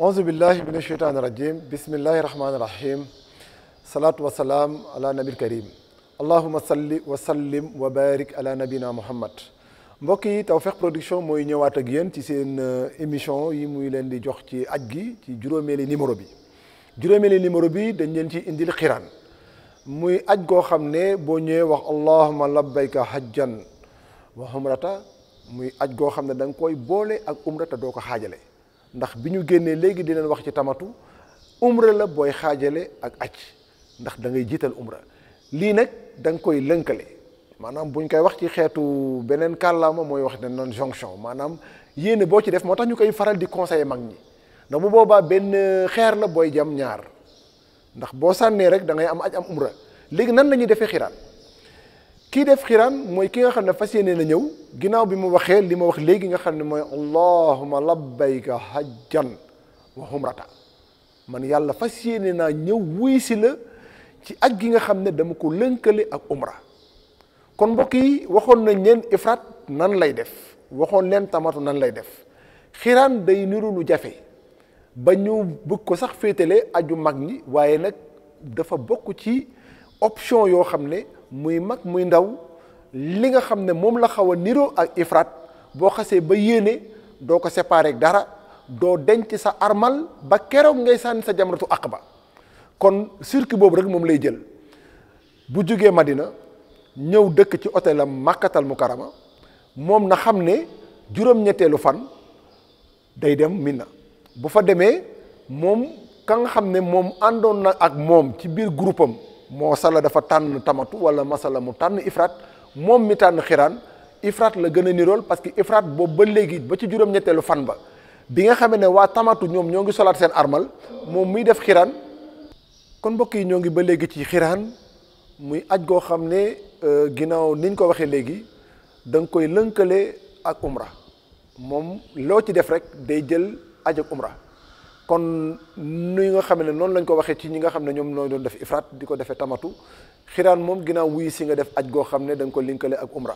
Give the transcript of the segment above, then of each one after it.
auzu billahi min asheytaani rajim bismillahi rahmaani rahim salaatu wa salaam ala nabil karim allahuma salli wa sallim wa barik ala nabina muhammad mbokk yi Tawfekh Production mooy ñëwaat ak yéen ci seen euh, émission yi muy leen di jox ci aj gi ci juróomeeli numéro bi juróomeeli numéro bi dañ leen ci indil xiraan muy aj goo xam ne boo ñëwee wax allahuma labbayka hajjan wa umrata muy aj goo xam ne da koy boole ak umrata doo ko xaajale ndax bi ñu génnee léegi di leen wax ci tamatu umra la booy xaajale ak aj ndax dangay jiital umra lii nag da nga koy lënkale maanaam buñ koy wax ci xeetu beneen kàllaama mooy wax ne non jonction maanaam yéene boo ci def moo tax ñu koy faral di conseiller mag ñi ndax bu boobaa benn xeer la booy jam ñaar ndax boo sànnee rek da ngay am aj am umra léegi nan la ñuy defee xiraan kii def xiiraan mooy ki nga xam ne fas yéene na ñëw ginnaaw bi mu waxee li ma wax léegi nga xam ne mooy allahuma labbayka hajjan wa humrata man yàlla fas yéene naa ñëw wuy si la ci ak gi nga xam ne dama ko lënkale ak umra kon mbokk yi waxoon nañ leen ifraat nan lay def waxoon leen tamatu nan lay def xiiraan day niru lu jafe ba ñu bëgg ko sax féetale aju mag ñi waaye nag dafa bokk ci option yoo xam ne muy mag muy ndaw li nga xam ne moom la xaw a niroo ak ifraat boo xasee ba yéene doo ko séparer dara doo denc sa armal ba keroog ngay sànni sa jamratu ba kon circuit boobu rek moom lay jël bu jógee Madina ñëw dëkk ci hôtelam Makkatal Mukarrama moom na xam ne juróom-ñetteelu fan day dem Mina bu fa demee moom ka nga xam ne moom àndoon na ak moom ci biir groupam moo sala dafa tànn tamatu wala la mu tànn ifraat moom mi tànn xiraan ifraat la gën a nirool parce que ifraat boobu ba léegi ba ci juróom-ñetteelu fan ba bi nga xamee ne waa tamatu ñoom ñoo ngi solaat seen armal moom muy def xiraan kon mbokk yi ñoo ngi ba léegi ci xiraan muy aj goo xam ne euh, ginnaaw niñ ko waxee léegi da nga koy lënkale ak umra moom loo ci def rek day jël aj ak umra kon ni nga xam ne noonu lañ ko waxee ci ñi nga xam ne ñoom nooy doon def ifraat di ko defee tamatu xiraan moom ginnaaw wuyu si nga def aj goo xam ne da ko linkale ak umra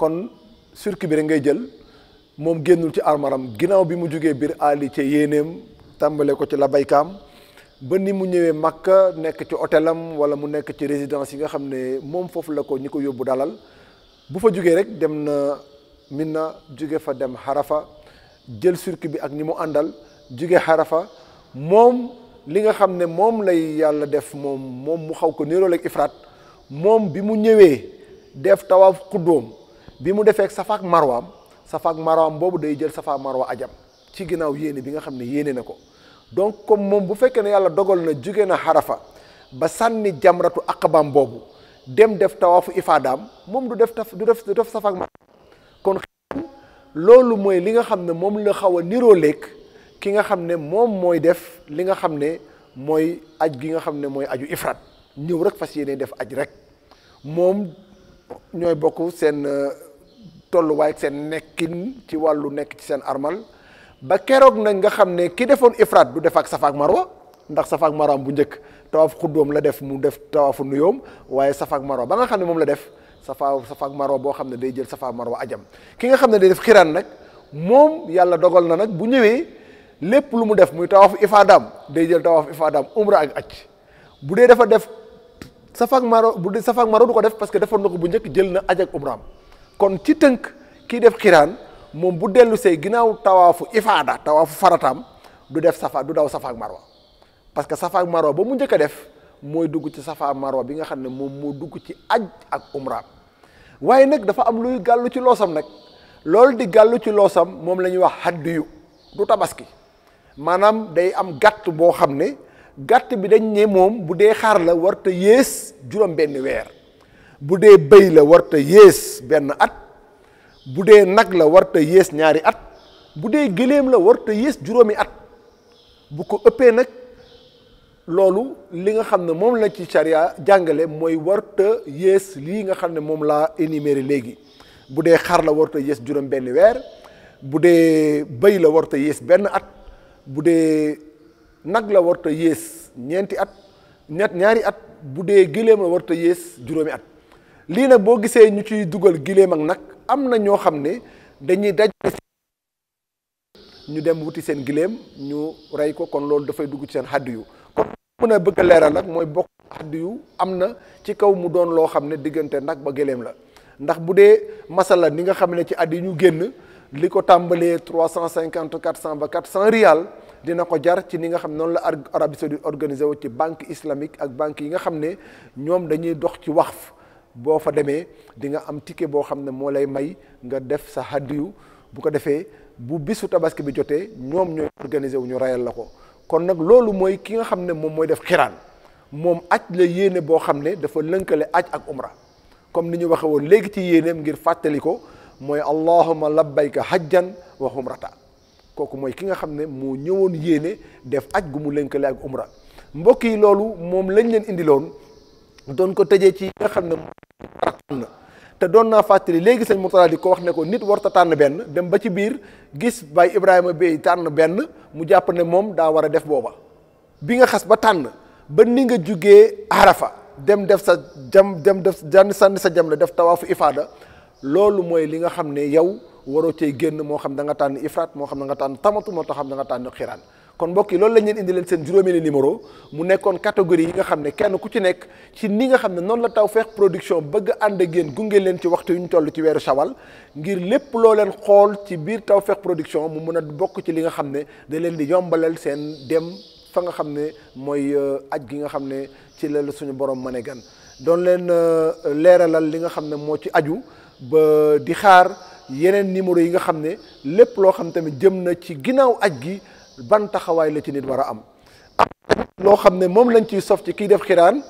kon circuit bi rek ngay jël moom génnul ci armaram ginnaaw bi mu jugee biir aali ca yéeneem tàmbalee ko ci la baykaam ba ni mu ñëwee Makka nekk ci hôtelam wala mu nekk ci résidence yi nga xam ne moom foofu la ko ñi ko yóbbu dalal bu fa jógee rek dem na Mina jóge fa dem Harafa jël circuit bi ak ñi mu àndal juge xarafa moom li nga xam ne moom lay yàlla def moom moom mu xaw ko niroo ak ifraat moom bi mu ñëwee def tawaaf xuddoom bi mu defee safaak marwaam safaak marwaam boobu day jël safaak marwa ajam ci ginnaaw yéene bi nga xam ne yéene na ko donc comme moom bu fekkee ne yàlla dogal na jóge na xarafa ba sànni jamratu aqabam boobu dem def tawaafu ifaadaam moom du def taf du def du def safaak kon loolu mooy li nga xam ne moom la xaw a niroo lekk ki nga xam ne moom mooy def li nga xam ne mooy aj gi nga xam ne mooy aju ifrat ñëw rek fas yéene def aj rek moom ñooy bokk seen euh, tolluwaay seen nekkin ci wàllu nekk ci seen armal ba keroog nag nga xam ne ki defoon ifrat du def ak marwa ndax safa ak marwa bu njëkk tawaaf xuddoom la def mu def tawaafu nuyoom waaye safa ak marwa ba nga xam ne moom la def safa safa ak marwa boo xam ne day jël safa marwa ajam ki nga xam ne day def xiraan nag moom yàlla dogal na nag bu ñëwee lépp lu mu def muy tawaaf ifaadaam day jël tawaaf ifaadaam umra ak aj bu dee dafa def safa maro bu dee safa maro du ko def parce que defoon na ko bu njëkk jël na aj ak umraam kon ci tënk kii def xiraan moom bu dellu see ginnaaw tawaafu ifaada tawaafu farataam du def safa du daw safa ak parce que safa ak ba mu njëkk a def mooy dugg ci safa maro bi nga xam ne moom moo dugg ci aj ak umraam waaye nag dafa am luy gàllu ci loosam nag loolu di gàllu ci loosam moom la ñuy wax haddiyu du tabaski maanaam day am gàtt boo xam ne gàtt bi dañ ne moom bu dee xaar la warta yées juróom benn weer bu dee bëy la warta yées benn at bu dee nag la warta yées ñaari at bu dee gëléem la warta yées juróomi at bu ko ëppee nag loolu li nga xam ne moom la ci charia jàngale mooy warta yées lii nga xam ne moom laa énuméré léegi bu dee xar la warta yées juróom benn weer bu dee bëy la warta yées benn at bu dee nag la warta yées ñeenti at ñett ñaari at bu dee giléem la warta yées juróomi at lii nag boo gisee ñu ciy dugal giléem ak nag am na ñoo xam ne dañuy daj ñu dem wuti seen giléem ñu rey ko kon loolu dafay dugg ci seen xaddu yu kon mën a bëgg a leeral nag mooy bokk xaddu yu am na ci kaw mu doon loo xam ne diggante nag ba giléem la ndax bu dee masala ni nga xam ne ci at yi ñu génn li ko tàmbalee trois cent cinquante quatre cent ba quatre cent rial dina ko jar ci ni nga xam noonu la Arabie Saoudite organisé wu ci banque islamique ak banque yi nga xam ne ñoom dañuy dox ci wax boo fa demee di nga am ticket boo xam ne moo lay may nga def sa hadiyu bu ko defee bu bisu tabaski bi jotee ñoom ñooy organisé wu ñu rayal la ko kon nag loolu mooy ki nga xam ne moom mooy def xiraan moom aj la yéene boo xam ne dafa lënkale aj ak umra comme ni ñu waxe léegi ci yéeneem ngir fàttali ko mooy allahuma labbayka hajjan wa humrata kooku mooy ki nga xam ne moo ñëwoon yéene def aj gu mu lënkale ak umra mbokk yi loolu moom lañ leen indiloon doon ko tëjee ci nga xam ne te doon naa fàttali léegi sëñ Mourtada di ko wax ne ko nit warta tànn benn dem ba ci biir gis baay Ibrahima bay tànn benn mu jàpp ne moom daa war a def booba bi nga xas ba tànn ba ni nga jógee Arafa dem def sa jam dem def jànni sànni sa jam la def tawaafu ifaada loolu mooy li nga xam ne yow waroo cay génn moo xam da nga tànn ifraat moo xam da nga tànn tamatu moo xam da nga tànn xiraan kon mbokk yi loolu lañ leen indi leen seen juróomeeli numéro mu nekkoon catégorie yi nga xam ne kenn ku ci nekk ci ni nga xam ne noonu la Tawfekh Production bëgg ànd a yéen gunge leen ci waxtu yu ñu toll ci weeru sawal ngir lépp loo leen xool ci biir Tawfekh Production mu mën a bokk ci li nga xam ne da leen di yombalal seen dem fa nga xam ne mooy euh, aj gi nga xam ne ci la suñu borom mën ne gan doon leen euh, leeralal li nga xam ne moo ci aju ba di xaar yeneen numéro yi nga xam ne lépp loo xam tamit jëm na ci ginnaaw aj gi ban taxawaay la ci nit war a am am loo xam ne moom lañ ciy sof ci kiy def xiraan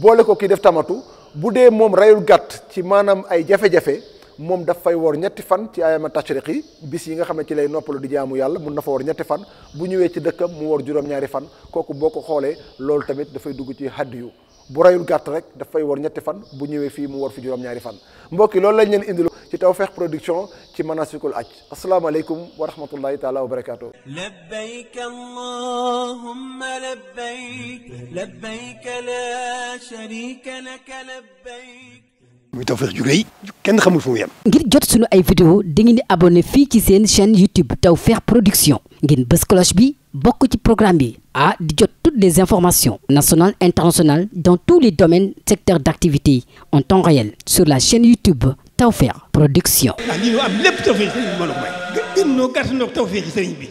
boole ko kiy def tamatu bu dee moom reyul gàtt ci maanaam ay jafe-jafe moom daf fay woor ñetti fan ci ayama tashriq yi bis yi nga xam ne ci lay noppalu di jaamu yàlla mun na fa war ñetti fan bu ñëwee ci dëkkam mu war juróom-ñaari fan kooku boo ko xoolee loolu tamit dafay dugg ci haddiyu bu rayul gàtt rek dafay war ñetti fan bu ñëwee fii mu war fi juróom-ñaari fan mbokki loolu lañ leen indilu ci Tawfekh Production ci manasikul aj asalaamaaleykum wa rahmatullahi taala wa barakaatu labbayk allahumma labbayk labbayk la sharika laka labbayk muy Tawfekh ju kenn xamul fu mu ngir jot sunu ay vidéo dangeen di abonné fii ci seen chaîne YouTube Tawfekh Production ngeen bës bi bokk ci programme bi ah di jot toutes les informations nationales internationales dans tous les domaines secteurs d'activité en temps réel sur la chaîne YouTube Tawfekh Production. ah lii loo am lépp tawfeex ci bi mbooloo mooy. gën gën ñoo gàtt ñoo ak bi.